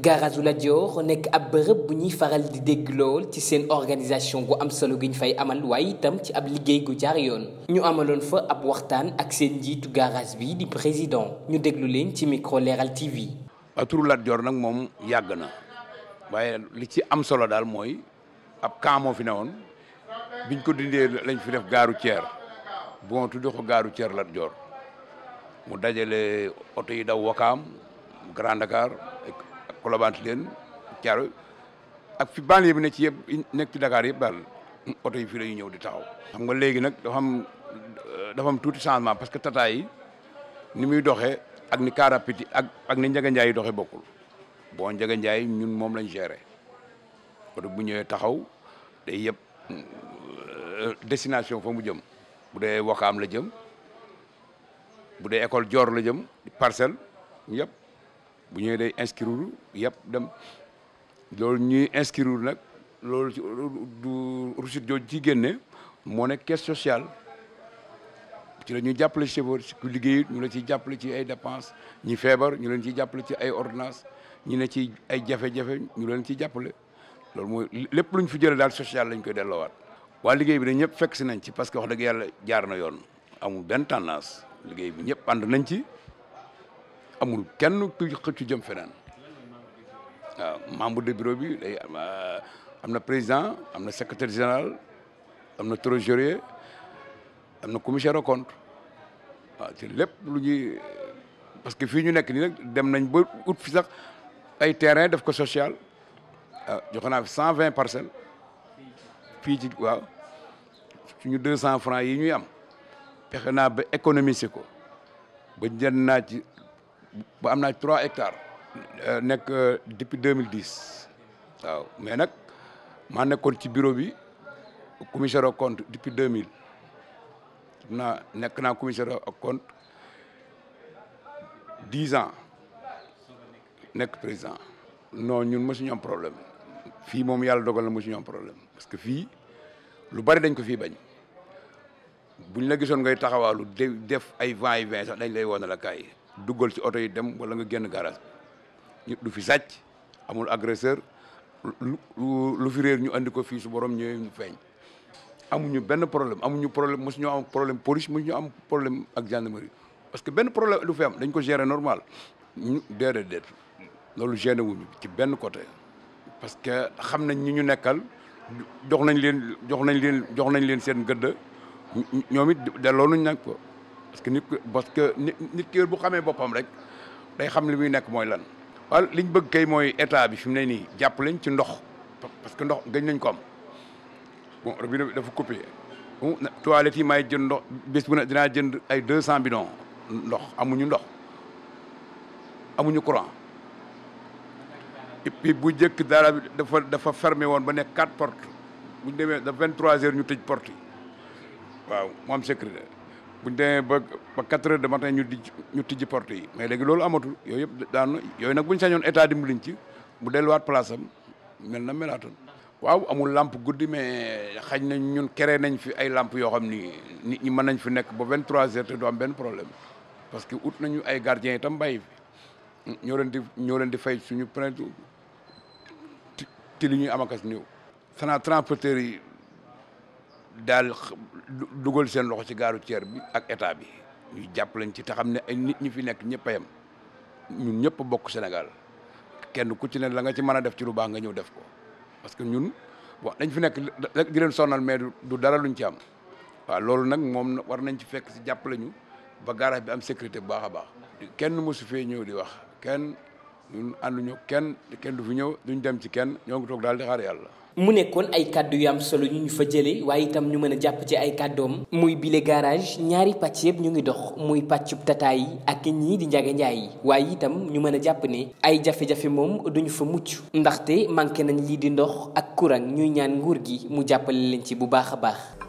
garage Lat Dior nekk ab bërëb bu ñuy faral di dégg lool ci seen organisation gu am solo gi ñu fay amal waaye itam ci ab liggéey gu jaar yoon. ñu amaloon fa ab waxtaan ak seen njiitu garage bi di président ñu déglu leen ci micro Leral TV. turu Lat Dior nag moom yàgg na waaye li ci am solo daal mooy ab camp moo fi newoon biñ ko dindee lañ fi def gaaru ceer bon tudde ko gaaru ceer Lat Dior mu dajale oto yi daw Wakaam Grand Dakar. Colobane leen Thiaroye ak fi banlieue bi ne ci yëpp nekk ci Dakar yëpp daal oto yi fii la ñëw di taxaw. xam nga léegi nag dafa am euh, tuuti changement parce que tataay yi ni muy doxee ak ni car rapide ak ak ni Ndiaga Ndiaye yi doxee bokkul boo Ndiaga Ndiaye ñun moom lañ gere oto bu ñëwee taxaw day yëpp euh, destination fa mu jëm bu dee Wakaam la jëm bu dee école Dior la jëm parcelle yëpp. bu ñëwee day inscrire yëpp dem loolu ñuy inscrire nag loolu ci du réussite jooju ci génne moo nekk caisse sociale ci la ñuy jàppale chauffeur ku ñu la ciy jàppale ci ay dépenses ñi feebar ñu leen ciy jàppale ci ay ordonnances ñu ne ci ay jafe-jafe ñu leen ciy jàppale loolu mooy lépp luñ fi jëlee daal social lañ koy delloowaat. waa liggéey bi dañ ñëpp fekk si nañ ci parce que dëgg yàlla jaar na yoon amu benn tendance liggéey bi ñëpp ànd nañ ci. amul kenn kuy xëccu jëm fenaan waaw membre de bureau bi euh, am na président am na secrétaire général am na trésorier am na commissaire aux comptes waaw te lépp lu ñuy parce que fii ñu nekk nii nag dem nañ ba ut fi sax ay terrain def ko sociale waaw ah, joxe naa cent vingt parcelles fii ci waaw suñu deux cent francs yi ñuy am fexe naa ba économiser ko ba jënd ba am naa trois hectares. Euh, nekk euh, depuis 2010 waaw mais nag maa nekkoon ci bureau bi commissaire aux comptes depuis 2000 naa nekk naa commissaire aux comptes dix ans nekk président. non ñun mosuñu am problème fii moom yàlla dogal na mosuñu problème parce que fii lu bari dañ ko fii bañ buñ la gisoon ngay taxawaalu def ay vingt et vingt sax dañ lay woon la kaay. duggal ci oto yi dem wala nga genn garage bi du fi sàcc amul agresseur lu fi reer ñu andi ko fii su borom ñëwee ñu feeñ amuñu benn problème amuñu problème mosuñu am problème police ñu am problème ak gendarmerie parce que benn problème du fi am dañ ko gérer normal ñu déedéet déet loolu génne ci benn côté parce que xam nañ ñi ñu nekkal jox nañ leen jox nañ leen jox nañ leen seen gëdd ñoom it delloo nañ nag ko parce que nit parce que nit ki bu xamee boppam rek day xam li muy nekk mooy lan. waaw liñ bëgg kay mooy état bi fi mu ne nii jàpp lañ ci ndox parce que ndox gëj nañ ko am bon robinet dafa coupé. bon toilette yi may jënd ndox bés bu ne dinaa jënd ay deux cent bidons ndox amuñu ndox amuñu courant et bu njëkk dara bi dafa dafa fermé woon ba nekk quatre portes bu ñu demee da vingt trois heures ñu tëj porte waaw moom sécurité. buñ demee ba ba quatre heures de matin ñu di ñu tijji porte yi mais léegi loolu amatul yooyu yëpp daanu yooyu nag buñ sañoon état dimbaliñ ci mu delluwaat place am mel na melaatoon waaw amul làmp guddi mais xañ nañ ñun créé nañ fi ay làmp yoo xam ni nit ñi mën nañ fi nekk ba vingt trois heures te du am benn problème parce que ut nañu ay gardien itam bàyyi fi ñoo leen di ñoo leen di fay suñu printe ti li ñuy amakas néew. xanaa transporteurs yi daal dugal seen loxo ci gaaru ceer bi ak état bi ñu jàppalañ ci te xam ne ay nit ñi fi nekk ñëpp a yem ñun ñëpp bokk Sénégal kenn ku ci ne la nga ci mën a def ci lu baax nga ñëw def ko parce que ñun bon dañ fi nekk rek di leen sonal mais du dara luñ ci am waaw loolu nag moom war nañ ci fekk si jàppale ñu ba garage bi am sécurité bu baax a baax kenn mosu fee ñëw di wax kenn ñun ànduñu kenn kenn du fi ñëw duñ dem ci kenn ñoo ngi toog daal di xaar yàlla mu nekkoon ay kàddu yu solo ñu ñu fa jële waaye itam ñu mën a jàpp ci ay kàddoom muy bile garage ñaari pàcc yëpp ñu ngi dox muy paccu tata yi ak ñii di njage njaay yi waaye itam ñu mën a jàpp ne ay jafe-jafe moom duñu fa mucc ndaxte manqué nañ lii di ndox ak courant ñuy ñaan nguur gi mu jàppale leen ci bu baax a baax